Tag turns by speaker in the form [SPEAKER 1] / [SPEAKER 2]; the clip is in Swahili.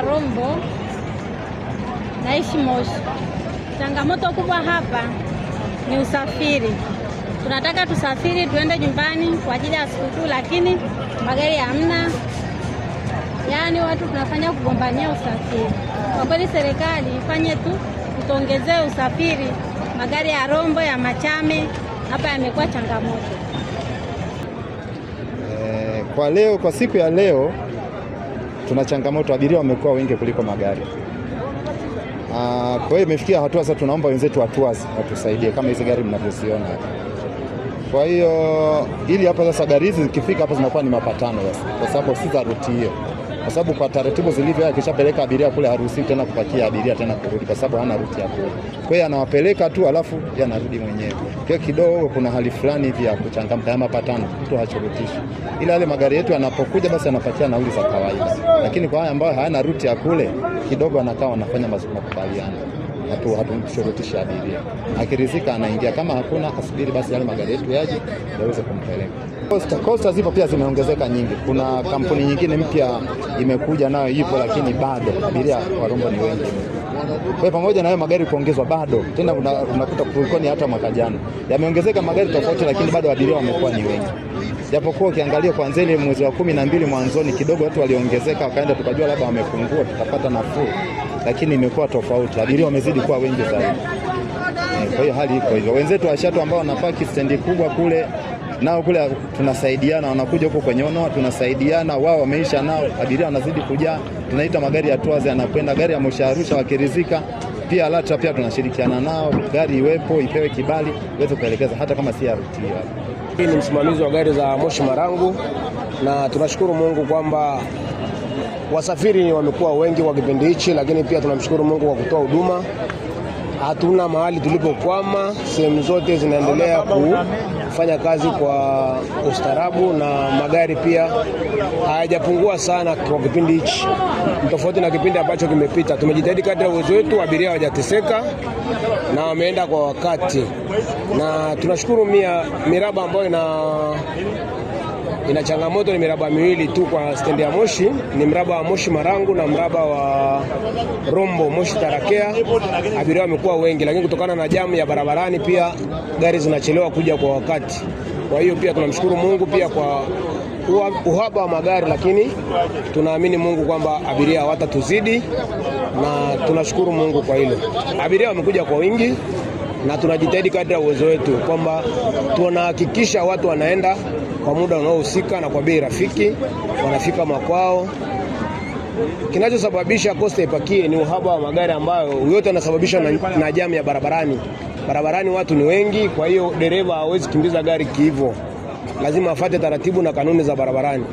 [SPEAKER 1] Karombo, naishi Moshi. Changamoto kubwa hapa ni usafiri. Tunataka tusafiri tuende nyumbani kwa ajili ya sikukuu, lakini magari hamna. Yaani watu tunafanya kugombania usafiri. Kwa kweli, serikali ifanye tu kutuongezee usafiri. Magari ya Rombo ya Machame hapa yamekuwa changamoto.
[SPEAKER 2] Eh, kwa leo, kwa siku ya leo tuna changamoto, abiria wamekuwa wengi kuliko magari. Uh, kwa hiyo imefikia hatua sasa, tunaomba wenzetu watuazi watusaidie kama hizi gari mnavyoziona. Kwa hiyo ili hapa sasa, gari hizi zikifika hapa zinakuwa ni mapatano sasa, kwa sababu si za ruti hiyo kwa sababu kwa taratibu zilivyo, akishapeleka abiria kule haruhusiwi tena kupakia abiria tena kurudi, kwa sababu hana ruti ya kule. Kwa hiyo anawapeleka tu, alafu yeye anarudi mwenyewe. Kwa kidogo kuna hali fulani hivi ya kuchangamka, mapatano mtu hachurutishi, ila yale magari yetu yanapokuja basi anapatia nauli za kawaida, lakini kwa haya ambayo hayana ruti ya kule kidogo anakaa wanafanya makubaliano hatumshurutishe abiria, akirizika anaingia, kama hakuna asubiri basi yale magari yetu yaje yaweze kumpeleka. Costa Costa zipo pia zimeongezeka nyingi, kuna kampuni nyingine mpya imekuja nayo ipo, lakini bado abiria Rombo ni wengi kwa pamoja na hayo magari kuongezwa bado tena unakuta kulikoni hata mwaka jana yameongezeka magari tofauti, lakini bado abiria wamekuwa ni wengi, japokuwa ukiangalia kwanzia ile mwezi wa kumi na mbili mwanzoni kidogo watu waliongezeka, wakaenda tukajua labda wamepungua tukapata nafuu, lakini imekuwa tofauti, abiria wamezidi kuwa wengi zaidi. Kwa hiyo hali iko hivyo. Wenzetu washatu ambao wanapaki stendi kubwa kule nao kule tunasaidiana, wanakuja huko kwenye onoa tunasaidiana, wao wameisha nao, abiria wanazidi kujaa, tunaita magari ya tours yanakwenda, gari ya moshi Arusha wakirizika pia LATRA pia tunashirikiana nao, gari iwepo ipewe kibali iweze kuelekeza hata kama si RTA.
[SPEAKER 3] Hii ni msimamizi wa gari za moshi Marangu, na tunashukuru Mungu kwamba Wasafiri wamekuwa wengi kwa kipindi hichi, lakini pia tunamshukuru Mungu kwa kutoa huduma. Hatuna mahali tulipokwama, sehemu zote zinaendelea kufanya kazi kwa ustarabu na magari pia hayajapungua sana kwa kipindi hichi, tofauti na kipindi ambacho kimepita. Tumejitahidi kadri ya uwezo wetu, abiria hawajateseka na wameenda kwa wakati, na tunashukuru mia miraba ambayo ina ina changamoto ni miraba miwili tu kwa stendi ya Moshi, ni mraba wa Moshi Marangu na mraba wa Rombo Moshi Tarakea. Abiria wamekuwa wengi, lakini kutokana na jamu ya barabarani pia gari zinachelewa kuja kwa wakati. Kwa hiyo pia tunamshukuru Mungu pia kwa uhaba wa magari, lakini tunaamini Mungu kwamba abiria hawatatuzidi na tunashukuru Mungu kwa hilo. Abiria wamekuja kwa wingi na tunajitahidi kadri ya uwezo wetu kwamba tunahakikisha watu wanaenda kwa muda unaohusika na kwa bei rafiki, wanafika makwao. Kinachosababisha Costa ipakie ni uhaba wa magari ambayo yote anasababishwa na, na jamu ya barabarani. Barabarani watu ni wengi, kwa hiyo dereva hawezi kimbiza gari kiivo, lazima afate taratibu na kanuni za barabarani.